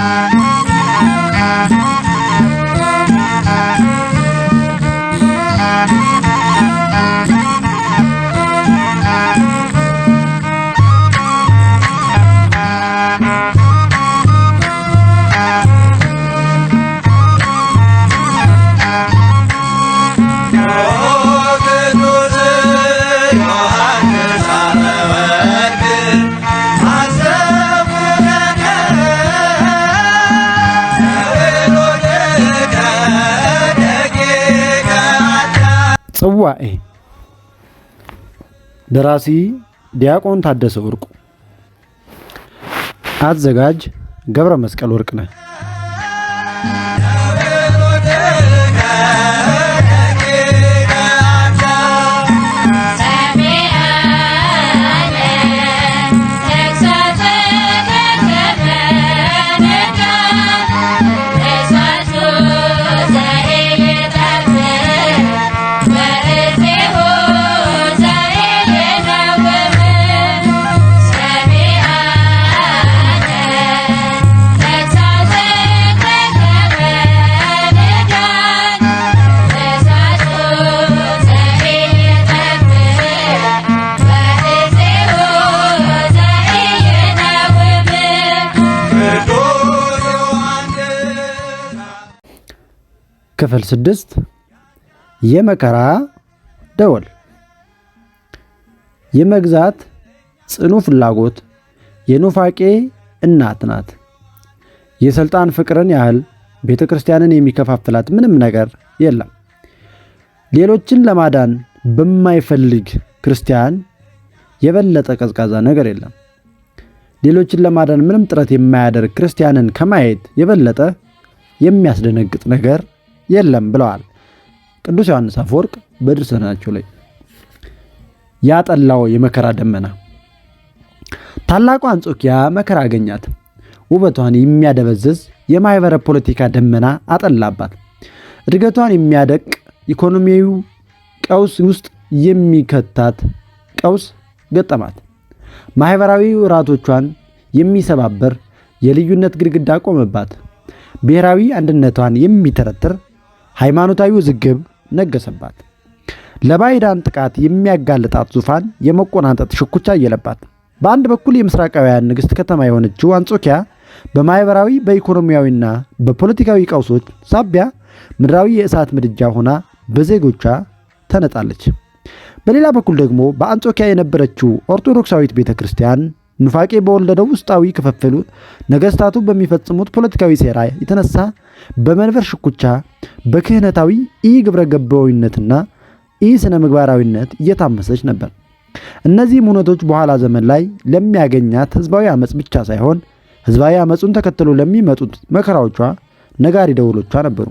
Thank you. ጉባኤ ደራሲ ዲያቆን ታደሰ ወርቁ፣ አዘጋጅ ገብረ መስቀል ወርቅ ነህ። ክፍል ስድስት የመከራ ደወል የመግዛት ጽኑ ፍላጎት የኑፋቄ እናት ናት። የሥልጣን ፍቅርን ያህል ቤተ ክርስቲያንን የሚከፋፍላት ምንም ነገር የለም። ሌሎችን ለማዳን በማይፈልግ ክርስቲያን የበለጠ ቀዝቃዛ ነገር የለም። ሌሎችን ለማዳን ምንም ጥረት የማያደርግ ክርስቲያንን ከማየት የበለጠ የሚያስደነግጥ ነገር የለም ብለዋል ቅዱስ ዮሐንስ አፈወርቅ በድርሰናቸው ላይ ያጠላው የመከራ ደመና ታላቋ አንጾኪያ መከራ አገኛት። ውበቷን የሚያደበዝዝ የማኅበረ ፖለቲካ ደመና አጠላባት። እድገቷን የሚያደቅ ኢኮኖሚያዊ ቀውስ ውስጥ የሚከታት ቀውስ ገጠማት። ማኅበራዊ ውራቶቿን የሚሰባበር የልዩነት ግድግዳ ቆመባት። ብሔራዊ አንድነቷን የሚተረትር ሃይማኖታዊ ውዝግብ ነገሰባት። ለባይዳን ጥቃት የሚያጋልጣት ዙፋን የመቆናጠጥ ሽኩቻ አየለባት። በአንድ በኩል የምስራቃውያን ንግሥት ከተማ የሆነችው አንጾኪያ በማኅበራዊ በኢኮኖሚያዊና በፖለቲካዊ ቀውሶች ሳቢያ ምድራዊ የእሳት ምድጃ ሆና በዜጎቿ ተነጣለች። በሌላ በኩል ደግሞ በአንጾኪያ የነበረችው ኦርቶዶክሳዊት ቤተ ክርስቲያን ኑፋቄ በወለደው ውስጣዊ ክፍፍል ነገስታቱ በሚፈጽሙት ፖለቲካዊ ሴራ የተነሳ በመንበር ሽኩቻ በክህነታዊ ኢ ግብረ ገባዊነትና ኢ ስነ ምግባራዊነት እየታመሰች ነበር። እነዚህም እውነቶች በኋላ ዘመን ላይ ለሚያገኛት ህዝባዊ አመፅ ብቻ ሳይሆን ህዝባዊ አመፁን ተከትሎ ለሚመጡት መከራዎቿ ነጋሪ ደውሎቿ ነበሩ።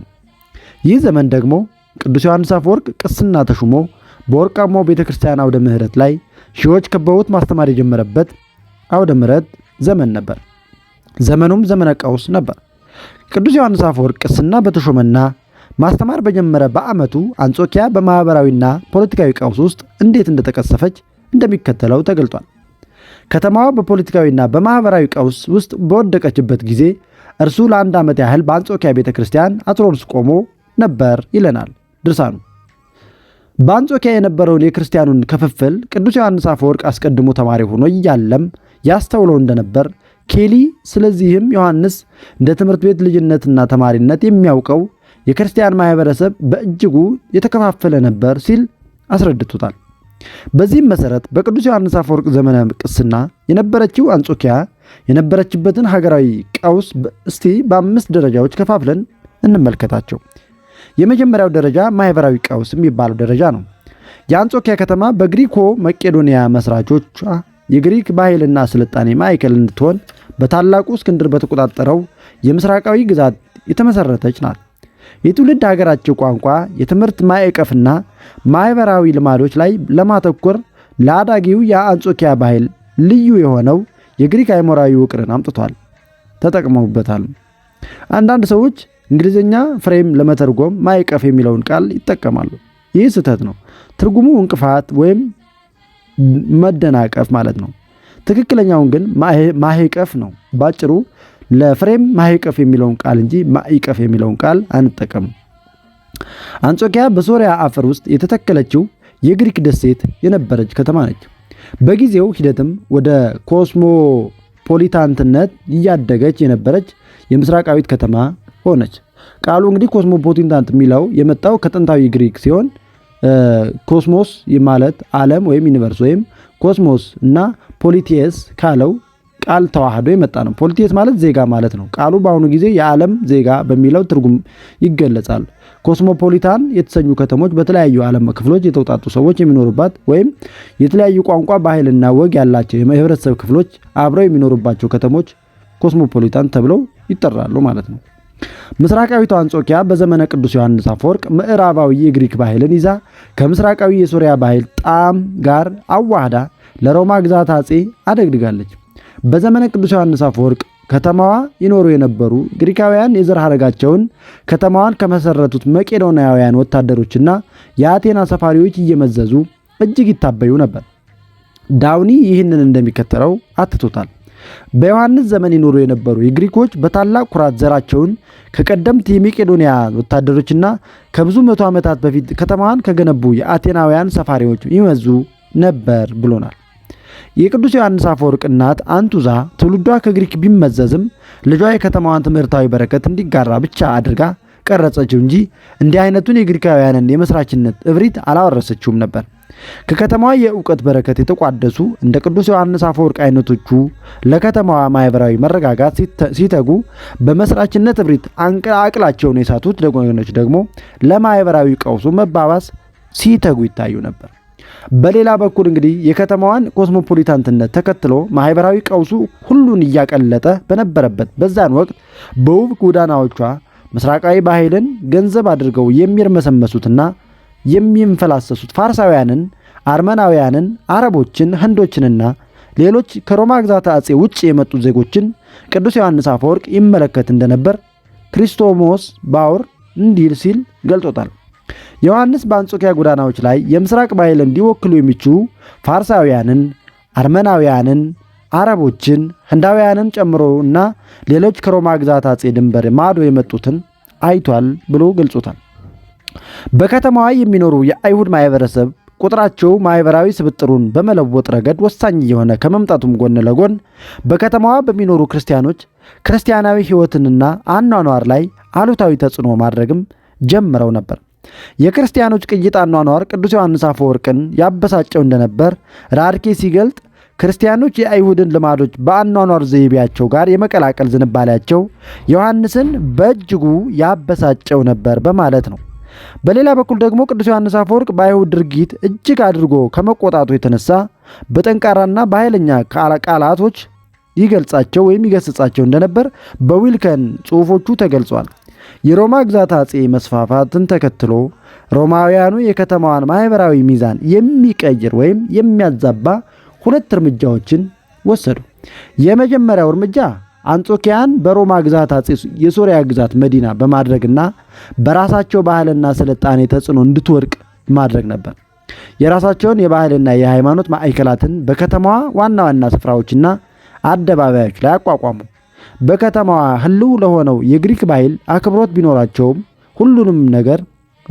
ይህ ዘመን ደግሞ ቅዱስ ዮሐንስ አፈወርቅ ቅስና ተሹሞ በወርቃማው ቤተ ክርስቲያን አውደ ምህረት ላይ ሺዎች ከበውት ማስተማር የጀመረበት አውደ ምረት ዘመን ነበር። ዘመኑም ዘመነ ቀውስ ነበር። ቅዱስ ዮሐንስ አፈወርቅ ቅስና በተሾመና ማስተማር በጀመረ በዓመቱ አንጾኪያ በማኅበራዊና ፖለቲካዊ ቀውስ ውስጥ እንዴት እንደተቀሰፈች እንደሚከተለው ተገልጧል። ከተማዋ በፖለቲካዊና በማኅበራዊ ቀውስ ውስጥ በወደቀችበት ጊዜ እርሱ ለአንድ ዓመት ያህል በአንጾኪያ ቤተ ክርስቲያን አትሮንስ ቆሞ ነበር ይለናል ድርሳኑ። በአንጾኪያ የነበረውን የክርስቲያኑን ክፍፍል ቅዱስ ዮሐንስ አፈወርቅ አስቀድሞ ተማሪ ሆኖ እያለም ያስተውለው እንደነበር ኬሊ ስለዚህም ዮሐንስ እንደ ትምህርት ቤት ልጅነትና ተማሪነት የሚያውቀው የክርስቲያን ማህበረሰብ በእጅጉ የተከፋፈለ ነበር ሲል አስረድቶታል። በዚህም መሠረት በቅዱስ ዮሐንስ አፈወርቅ ዘመነ ቅስና የነበረችው አንጾኪያ የነበረችበትን ሀገራዊ ቀውስ እስቲ በአምስት ደረጃዎች ከፋፍለን እንመልከታቸው። የመጀመሪያው ደረጃ ማህበራዊ ቀውስ የሚባለው ደረጃ ነው። የአንጾኪያ ከተማ በግሪኮ መቄዶንያ መስራቾቿ የግሪክ ባህልና ስልጣኔ ማዕከል እንድትሆን በታላቁ እስክንድር በተቆጣጠረው የምስራቃዊ ግዛት የተመሰረተች ናት። የትውልድ ሀገራቸው ቋንቋ፣ የትምህርት ማዕቀፍና ማኅበራዊ ልማዶች ላይ ለማተኮር ለአዳጊው የአንጾኪያ ባህል ልዩ የሆነው የግሪክ አይሞራዊ ውቅርን አምጥቷል፣ ተጠቅመውበታል። አንዳንድ ሰዎች እንግሊዝኛ ፍሬም ለመተርጎም ማዕቀፍ የሚለውን ቃል ይጠቀማሉ። ይህ ስህተት ነው። ትርጉሙ እንቅፋት ወይም መደናቀፍ ማለት ነው። ትክክለኛውን ግን ማሄቀፍ ነው። ባጭሩ ለፍሬም ማሄቀፍ የሚለውን ቃል እንጂ ማይቀፍ የሚለውን ቃል አንጠቀምም። አንጾኪያ በሶሪያ አፈር ውስጥ የተተከለችው የግሪክ ደሴት የነበረች ከተማ ነች። በጊዜው ሂደትም ወደ ኮስሞፖሊታንትነት እያደገች የነበረች የምስራቃዊት ከተማ ሆነች። ቃሉ እንግዲህ ኮስሞፖሊታንት የሚለው የመጣው ከጥንታዊ ግሪክ ሲሆን ኮስሞስ ማለት ዓለም ወይም ዩኒቨርስ ወይም ኮስሞስ እና ፖሊቲየስ ካለው ቃል ተዋህዶ የመጣ ነው። ፖሊቲየስ ማለት ዜጋ ማለት ነው። ቃሉ በአሁኑ ጊዜ የዓለም ዜጋ በሚለው ትርጉም ይገለጻል። ኮስሞፖሊታን የተሰኙ ከተሞች በተለያዩ ዓለም ክፍሎች የተውጣጡ ሰዎች የሚኖሩባት ወይም የተለያዩ ቋንቋ፣ ባህልና ወግ ያላቸው የህብረተሰብ ክፍሎች አብረው የሚኖሩባቸው ከተሞች ኮስሞፖሊታን ተብለው ይጠራሉ ማለት ነው። ምስራቃዊቷ አንጾኪያ በዘመነ ቅዱስ ዮሐንስ አፈወርቅ ምዕራባዊ የግሪክ ባህልን ይዛ ከምስራቃዊ የሶሪያ ባህል ጣም ጋር አዋህዳ ለሮማ ግዛት አጼ አደግድጋለች። በዘመነ ቅዱስ ዮሐንስ አፈወርቅ ከተማዋ ይኖሩ የነበሩ ግሪካውያን የዘር ሐረጋቸውን ከተማዋን ከመሠረቱት መቄዶናውያን ወታደሮችና የአቴና ሰፋሪዎች እየመዘዙ እጅግ ይታበዩ ነበር። ዳውኒ ይህንን እንደሚከተለው አትቶታል። በዮሐንስ ዘመን ይኖሩ የነበሩ የግሪኮች በታላቅ ኩራት ዘራቸውን ከቀደምት የመቄዶንያ ወታደሮችና ከብዙ መቶ ዓመታት በፊት ከተማዋን ከገነቡ የአቴናውያን ሰፋሪዎች ይመዙ ነበር ብሎናል። የቅዱስ ዮሐንስ አፈወርቅ እናት አንቱዛ ትውልዷ ከግሪክ ቢመዘዝም ልጇ የከተማዋን ትምህርታዊ በረከት እንዲጋራ ብቻ አድርጋ ቀረጸችው እንጂ እንዲህ አይነቱን የግሪካውያንን የመስራችነት እብሪት አላወረሰችውም ነበር። ከከተማዋ የእውቀት በረከት የተቋደሱ እንደ ቅዱስ ዮሐንስ አፈወርቅ አይነቶቹ ለከተማዋ ማህበራዊ መረጋጋት ሲተጉ በመስራችነት እብሪት አቅላቸውን የሳቱት ደጎኖች ደግሞ ለማህበራዊ ቀውሱ መባባስ ሲተጉ ይታዩ ነበር። በሌላ በኩል እንግዲህ የከተማዋን ኮስሞፖሊታንትነት ተከትሎ ማህበራዊ ቀውሱ ሁሉን እያቀለጠ በነበረበት በዛን ወቅት በውብ ጎዳናዎቿ ምስራቃዊ ባህልን ገንዘብ አድርገው የሚርመሰመሱትና የሚንፈላሰሱት ፋርሳውያንን፣ አርመናውያንን፣ አረቦችን፣ ህንዶችንና ሌሎች ከሮማ ግዛት አጼ ውጭ የመጡ ዜጎችን ቅዱስ ዮሐንስ አፈወርቅ ይመለከት እንደነበር ክሪስቶሞስ ባውር እንዲል ሲል ገልጦታል። ዮሐንስ በአንጾኪያ ጎዳናዎች ላይ የምስራቅ ባህል እንዲወክሉ የሚችሉ ፋርሳውያንን፣ አርመናውያንን፣ አረቦችን፣ ህንዳውያንን ጨምሮ እና ሌሎች ከሮማ ግዛት አጼ ድንበር ማዶ የመጡትን አይቷል ብሎ ገልጾታል። በከተማዋ የሚኖሩ የአይሁድ ማህበረሰብ ቁጥራቸው ማህበራዊ ስብጥሩን በመለወጥ ረገድ ወሳኝ የሆነ ከመምጣቱም ጎን ለጎን በከተማዋ በሚኖሩ ክርስቲያኖች ክርስቲያናዊ ሕይወትንና አኗኗር ላይ አሉታዊ ተጽዕኖ ማድረግም ጀምረው ነበር። የክርስቲያኖች ቅይጥ አኗኗር ቅዱስ ዮሐንስ አፈወርቅን ያበሳጨው እንደነበር ራድኬ ሲገልጥ ክርስቲያኖች የአይሁድን ልማዶች በአኗኗር ዘይቤያቸው ጋር የመቀላቀል ዝንባሌያቸው ዮሐንስን በእጅጉ ያበሳጨው ነበር በማለት ነው። በሌላ በኩል ደግሞ ቅዱስ ዮሐንስ አፈወርቅ በአይሁድ ድርጊት እጅግ አድርጎ ከመቆጣቱ የተነሳ በጠንካራና በኃይለኛ ቃላቶች ይገልጻቸው ወይም ይገስጻቸው እንደነበር በዊልከን ጽሑፎቹ ተገልጿል። የሮማ ግዛት አጼ መስፋፋትን ተከትሎ ሮማውያኑ የከተማዋን ማኅበራዊ ሚዛን የሚቀይር ወይም የሚያዛባ ሁለት እርምጃዎችን ወሰዱ። የመጀመሪያው እርምጃ አንጾኪያን በሮማ ግዛት አጼ የሶሪያ ግዛት መዲና በማድረግና በራሳቸው ባህልና ስልጣኔ ተጽዕኖ እንድትወድቅ ማድረግ ነበር። የራሳቸውን የባህልና የሃይማኖት ማዕከላትን በከተማዋ ዋና ዋና ስፍራዎችና አደባባዮች ላይ አቋቋሙ። በከተማዋ ህልው ለሆነው የግሪክ ባህል አክብሮት ቢኖራቸውም ሁሉንም ነገር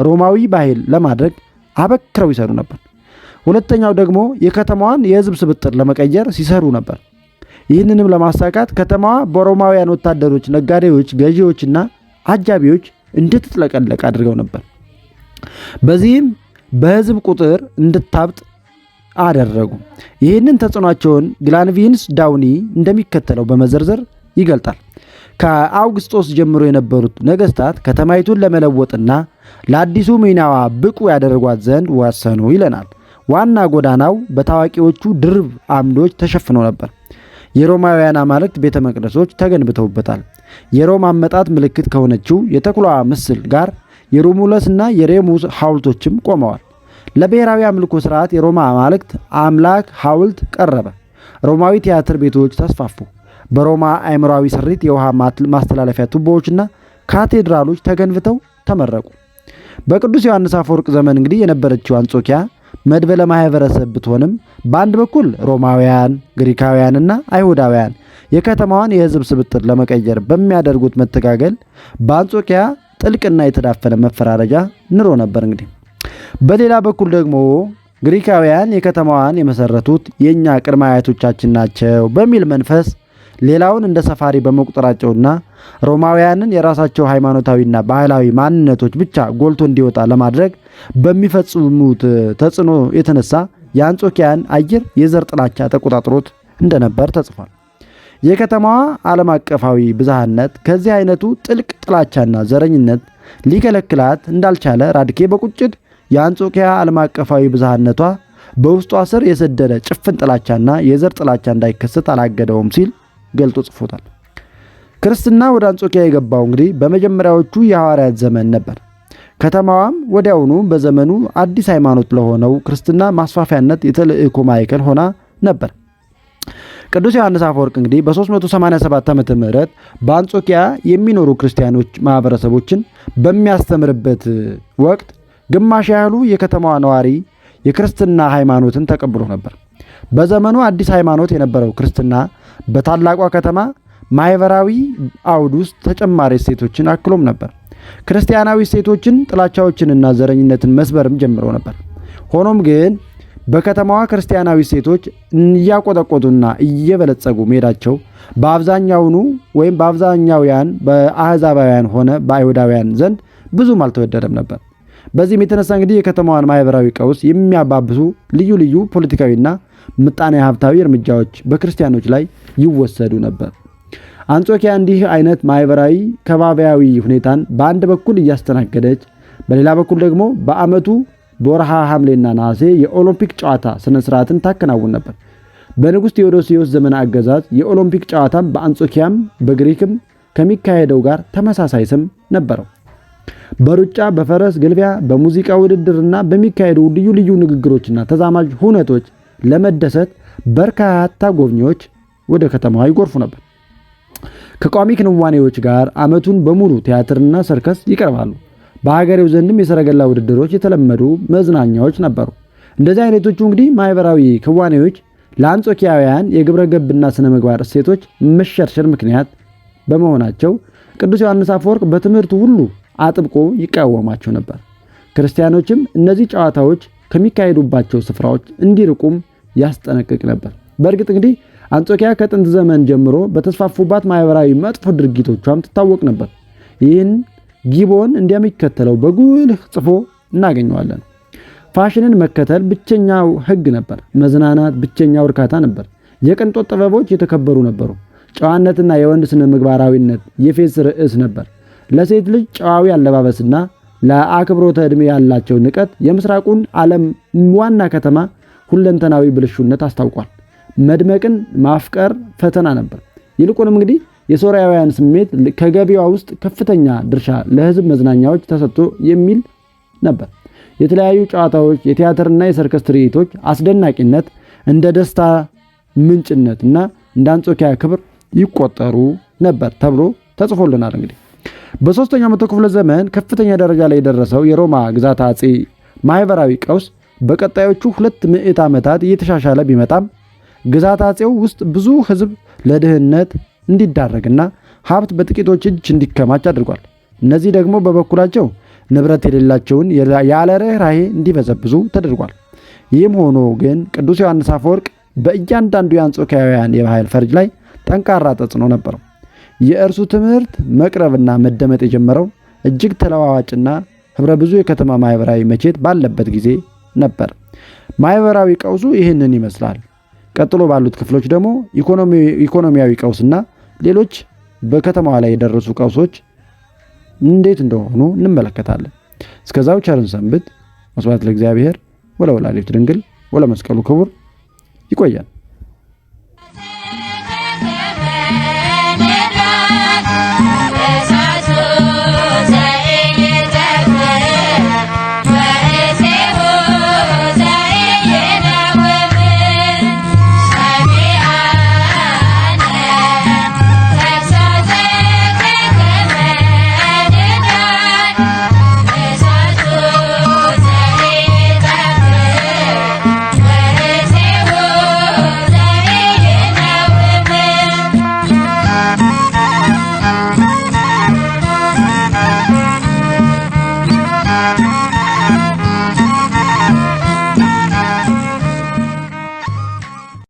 ሮማዊ ባህል ለማድረግ አበክረው ይሰሩ ነበር። ሁለተኛው ደግሞ የከተማዋን የህዝብ ስብጥር ለመቀየር ሲሰሩ ነበር። ይህንንም ለማሳካት ከተማዋ በሮማውያን ወታደሮች፣ ነጋዴዎች፣ ገዢዎችና አጃቢዎች እንድትጥለቀለቅ አድርገው ነበር። በዚህም በህዝብ ቁጥር እንድታብጥ አደረጉ። ይህንን ተጽዕኗቸውን ግላንቪንስ ዳውኒ እንደሚከተለው በመዘርዘር ይገልጣል። ከአውግስጦስ ጀምሮ የነበሩት ነገስታት ከተማይቱን ለመለወጥና ለአዲሱ ሚናዋ ብቁ ያደርጓት ዘንድ ወሰኑ ይለናል። ዋና ጎዳናው በታዋቂዎቹ ድርብ አምዶች ተሸፍኖ ነበር። የሮማውያን አማልክት ቤተ መቅደሶች ተገንብተውበታል። የሮም አመጣት ምልክት ከሆነችው የተኩላዋ ምስል ጋር የሮሙለስና የሬሙስ ሐውልቶችም ቆመዋል። ለብሔራዊ አምልኮ ስርዓት የሮማ አማልክት አምላክ ሐውልት ቀረበ። ሮማዊ ቲያትር ቤቶች ተስፋፉ። በሮማ አእምሯዊ ስሪት የውሃ ማስተላለፊያ ቱቦዎችና ካቴድራሎች ተገንብተው ተመረቁ። በቅዱስ ዮሐንስ አፈወርቅ ዘመን እንግዲህ የነበረችው አንጾኪያ መድበለ ማህበረሰብ ብትሆንም በአንድ በኩል ሮማውያን፣ ግሪካውያንና አይሁዳውያን የከተማዋን የህዝብ ስብጥር ለመቀየር በሚያደርጉት መተጋገል በአንጾኪያ ጥልቅና የተዳፈነ መፈራረጃ ንሮ ነበር። እንግዲህ በሌላ በኩል ደግሞ ግሪካውያን የከተማዋን የመሰረቱት የእኛ ቅድመ አያቶቻችን ናቸው በሚል መንፈስ ሌላውን እንደ ሰፋሪ በመቁጠራቸውና ሮማውያንን የራሳቸው ሃይማኖታዊና ባህላዊ ማንነቶች ብቻ ጎልቶ እንዲወጣ ለማድረግ በሚፈጽሙት ተጽዕኖ የተነሳ የአንጾኪያን አየር የዘር ጥላቻ ተቆጣጥሮት እንደነበር ተጽፏል። የከተማዋ ዓለም አቀፋዊ ብዝሃነት ከዚህ አይነቱ ጥልቅ ጥላቻና ዘረኝነት ሊከለክላት እንዳልቻለ ራድኬ በቁጭት የአንጾኪያ ዓለም አቀፋዊ ብዝሃነቷ በውስጧ ስር የሰደደ ጭፍን ጥላቻና የዘር ጥላቻ እንዳይከሰት አላገደውም ሲል ገልጦ ጽፎታል። ክርስትና ወደ አንጾኪያ የገባው እንግዲህ በመጀመሪያዎቹ የሐዋርያት ዘመን ነበር። ከተማዋም ወዲያውኑ በዘመኑ አዲስ ሃይማኖት ለሆነው ክርስትና ማስፋፊያነት የተልእኮ ማዕከል ሆና ነበር። ቅዱስ ዮሐንስ አፈወርቅ እንግዲህ በ387 ዓመተ ምህረት በአንጾኪያ የሚኖሩ ክርስቲያኖች ማህበረሰቦችን በሚያስተምርበት ወቅት ግማሽ ያህሉ የከተማዋ ነዋሪ የክርስትና ሃይማኖትን ተቀብሎ ነበር። በዘመኑ አዲስ ሃይማኖት የነበረው ክርስትና በታላቋ ከተማ ማህበራዊ አውድ ውስጥ ተጨማሪ እሴቶችን አክሎም ነበር። ክርስቲያናዊ እሴቶችን፣ ጥላቻዎችንና ዘረኝነትን መስበርም ጀምሮ ነበር። ሆኖም ግን በከተማዋ ክርስቲያናዊ እሴቶች እያቆጠቆጡና እየበለጸጉ መሄዳቸው በአብዛኛውኑ ወይም በአብዛኛውያን በአህዛባውያን ሆነ በአይሁዳውያን ዘንድ ብዙም አልተወደደም ነበር። በዚህም የተነሳ እንግዲህ የከተማዋን ማህበራዊ ቀውስ የሚያባብሱ ልዩ ልዩ ፖለቲካዊና ምጣኔ ሀብታዊ እርምጃዎች በክርስቲያኖች ላይ ይወሰዱ ነበር። አንጾኪያ እንዲህ አይነት ማህበራዊ ከባቢያዊ ሁኔታን በአንድ በኩል እያስተናገደች፣ በሌላ በኩል ደግሞ በዓመቱ በወርሃ ሐምሌና ነሐሴ የኦሎምፒክ ጨዋታ ስነ ስርዓትን ታከናውን ነበር። በንጉሥ ቴዎዶሲዎስ ዘመን አገዛዝ የኦሎምፒክ ጨዋታም በአንጾኪያም በግሪክም ከሚካሄደው ጋር ተመሳሳይ ስም ነበረው። በሩጫ፣ በፈረስ ግልቢያ፣ በሙዚቃ ውድድርና በሚካሄዱ ልዩ ልዩ ንግግሮችና ተዛማጅ ሁነቶች ለመደሰት በርካታ ጎብኚዎች ወደ ከተማዋ ይጎርፉ ነበር። ከቋሚ ክንዋኔዎች ጋር ዓመቱን በሙሉ ቲያትርና ሰርከስ ይቀርባሉ። በሀገሬው ዘንድም የሰረገላ ውድድሮች የተለመዱ መዝናኛዎች ነበሩ። እንደዚህ አይነቶቹ እንግዲህ ማኅበራዊ ክዋኔዎች ለአንጾኪያውያን የግብረ ገብና ስነ ምግባር እሴቶች መሸርሸር ምክንያት በመሆናቸው ቅዱስ ዮሐንስ አፈወርቅ በትምህርቱ ሁሉ አጥብቆ ይቃወማቸው ነበር። ክርስቲያኖችም እነዚህ ጨዋታዎች ከሚካሄዱባቸው ስፍራዎች እንዲርቁም ያስጠነቅቅ ነበር። በእርግጥ እንግዲህ አንጾኪያ ከጥንት ዘመን ጀምሮ በተስፋፉባት ማህበራዊ መጥፎ ድርጊቶቿም ትታወቅ ነበር። ይህን ጊቦን እንደሚከተለው በጉልህ ጽፎ እናገኘዋለን። ፋሽንን መከተል ብቸኛው ህግ ነበር። መዝናናት ብቸኛው እርካታ ነበር። የቅንጦት ጥበቦች የተከበሩ ነበሩ። ጨዋነትና የወንድ ስነ ምግባራዊነት የፌስ ርዕስ ነበር። ለሴት ልጅ ጨዋዊ አለባበስና ለአክብሮተ ዕድሜ ያላቸው ንቀት የምስራቁን ዓለም ዋና ከተማ ሁለንተናዊ ብልሹነት አስታውቋል። መድመቅን ማፍቀር ፈተና ነበር። ይልቁንም እንግዲህ የሶርያውያን ስሜት ከገቢዋ ውስጥ ከፍተኛ ድርሻ ለህዝብ መዝናኛዎች ተሰጥቶ የሚል ነበር። የተለያዩ ጨዋታዎች፣ የቲያትርና የሰርከስ ትርኢቶች አስደናቂነት እንደ ደስታ ምንጭነት እና እንደ አንጾኪያ ክብር ይቆጠሩ ነበር ተብሎ ተጽፎልናል። እንግዲህ በሶስተኛው መቶ ክፍለ ዘመን ከፍተኛ ደረጃ ላይ የደረሰው የሮማ ግዛት አጼ ማህበራዊ ቀውስ በቀጣዮቹ ሁለት ምዕት ዓመታት እየተሻሻለ ቢመጣም ግዛት አጼው ውስጥ ብዙ ሕዝብ ለድህነት እንዲዳረግና ሀብት በጥቂቶች እጅ እንዲከማች አድርጓል። እነዚህ ደግሞ በበኩላቸው ንብረት የሌላቸውን ያለ ርኅራኄ እንዲበዘብዙ ተደርጓል። ይህም ሆኖ ግን ቅዱስ ዮሐንስ አፈወርቅ በእያንዳንዱ የአንጾኪያውያን የባህል ፈርጅ ላይ ጠንካራ ተጽዕኖ ነበረው። የእርሱ ትምህርት መቅረብና መደመጥ የጀመረው እጅግ ተለዋዋጭና ኅብረ ብዙ የከተማ ማኅበራዊ መቼት ባለበት ጊዜ ነበር። ማህበራዊ ቀውሱ ይህንን ይመስላል። ቀጥሎ ባሉት ክፍሎች ደግሞ ኢኮኖሚያዊ ቀውስና ሌሎች በከተማዋ ላይ የደረሱ ቀውሶች እንዴት እንደሆኑ እንመለከታለን። እስከዛው ቸርን ሰንብት። ወስብሐት ለእግዚአብሔር ወለወላዲቱ ድንግል ወለመስቀሉ ክቡር። ይቆያል።